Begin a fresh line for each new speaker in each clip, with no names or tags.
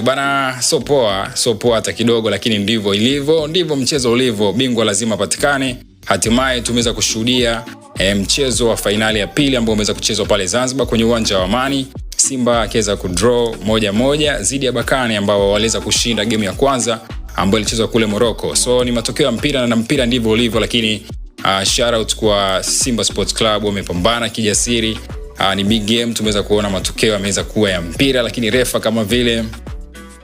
Bwana, sio poa, sio poa hata kidogo, lakini ndivyo ilivyo, ndivyo mchezo ulivyo. Bingwa lazima patikane. Hatimaye tumeweza kushuhudia e, mchezo wa fainali ya pili ambao umeweza kuchezwa pale Zanzibar kwenye uwanja wa Amani, Simba akiweza kudraw moja moja zidi ya bakani ambao waliweza kushinda game ya kwanza ambayo ilichezwa kule Morocco. So ni matokeo ya mpira na mpira ndivyo ulivyo, lakini uh, shout out kwa Simba Sports Club wamepambana kijasiri. Uh, ni big game, tumeweza kuona matokeo yameweza kuwa ya mpira, lakini refa kama vile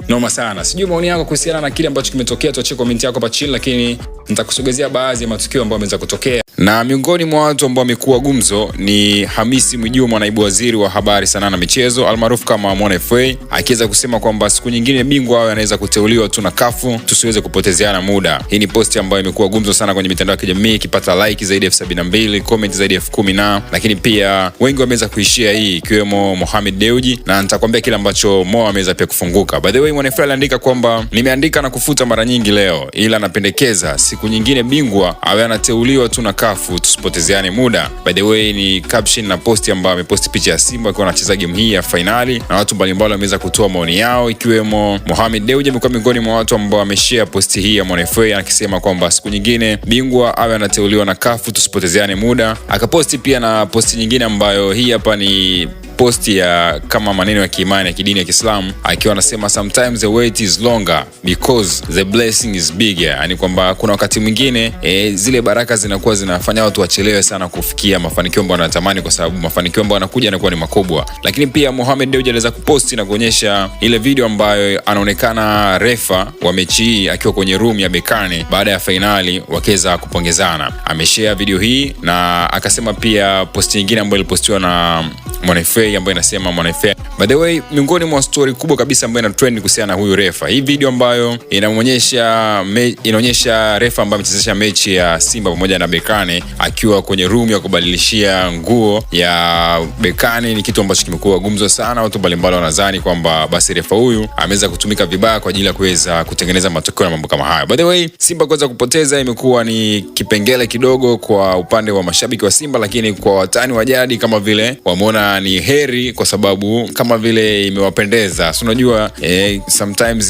noma sana. Sijui maoni yako kuhusiana na kile ambacho kimetokea, tuachie komenti yako hapa chini, lakini nitakusogezea baadhi ya matukio ambayo yameweza kutokea. Na miongoni mwa watu ambao wamekuwa gumzo ni Hamisi Mwiguma, naibu waziri wa habari, sanaa na michezo almaarufu kama Mwana FA, akiweza kusema kwamba siku nyingine bingwa ayo anaweza kuteuliwa tu na kafu, tusiweze kupotezeana muda. Hii ni posti ambayo imekuwa gumzo sana kwenye mitandao ya kijamii ikipata like zaidi ya elfu sabini na mbili comment zaidi ya elfu kumi na lakini pia wengi wameweza kuishia hii ikiwemo Mohamed Deuji, na nitakwambia kile ambacho Mo ameweza pia kufunguka. By the way, Mwana FA aliandika kwamba nimeandika na kufuta mara nyingi leo, ila napendekeza siku nyingine bingwa awe anateuliwa tu na kafu mstaafu, tusipotezeane muda. By the way, ni caption na posti ambayo ameposti picha ya Simba akiwa anacheza game hii ya fainali, na watu mbalimbali wameweza kutoa maoni yao, ikiwemo Mohamed Dewji amekuwa miongoni mwa watu ambao wameshare posti hii ya monefe akisema kwamba siku nyingine bingwa awe anateuliwa na kafu, tusipotezeane muda. Akaposti pia na posti nyingine ambayo hii hapa ni posti ya kama maneno ya kiimani ya kidini ya Kiislamu akiwa anasema sometimes the wait is longer because the blessing is bigger, yani kwamba kuna wakati mwingine e, zile baraka zinakuwa zinafanya watu wachelewe sana kufikia mafanikio ambayo wanatamani, kwa sababu mafanikio ambayo anakuja yanakuwa ni makubwa. Lakini pia Mohamed Dewji aliweza kuposti na kuonyesha ile video ambayo anaonekana refa wa mechi hii akiwa kwenye room ya Berkane baada ya fainali wakiweza kupongezana. Ameshare video hii na akasema pia posti nyingine ambayo ilipostiwa na Mwanafei play ambayo inasema mwanaFA. By the way, miongoni mwa story kubwa kabisa ambayo ina trend kuhusiana na huyu refa, hii video ambayo inaonyesha inaonyesha refa ambaye amechezesha mechi ya Simba pamoja na Bekane akiwa kwenye room ya kubadilishia nguo ya Bekane, ni kitu ambacho kimekuwa gumzo sana. Watu mbalimbali wanadhani kwamba basi refa huyu ameweza kutumika vibaya kwa ajili ya kuweza kutengeneza matokeo na mambo kama hayo. By the way, Simba kuweza kupoteza imekuwa ni kipengele kidogo kwa upande wa mashabiki wa Simba, lakini kwa watani wa jadi kama vile wameona ni heri, kwa sababu kama vile imewapendeza. Si unajua eh, sometimes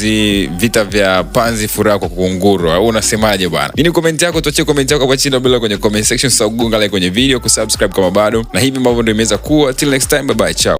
vita vya panzi furaha kwa kungurwa, au unasemaje bwana? Nini komenti yako? Tuachie komenti yako hapa chini bila kwenye comment section, sasa kugonga like kwenye video, kusubscribe kama bado, na hivi mambo ndio imeweza kuwa. Till next time, bye bye, ciao.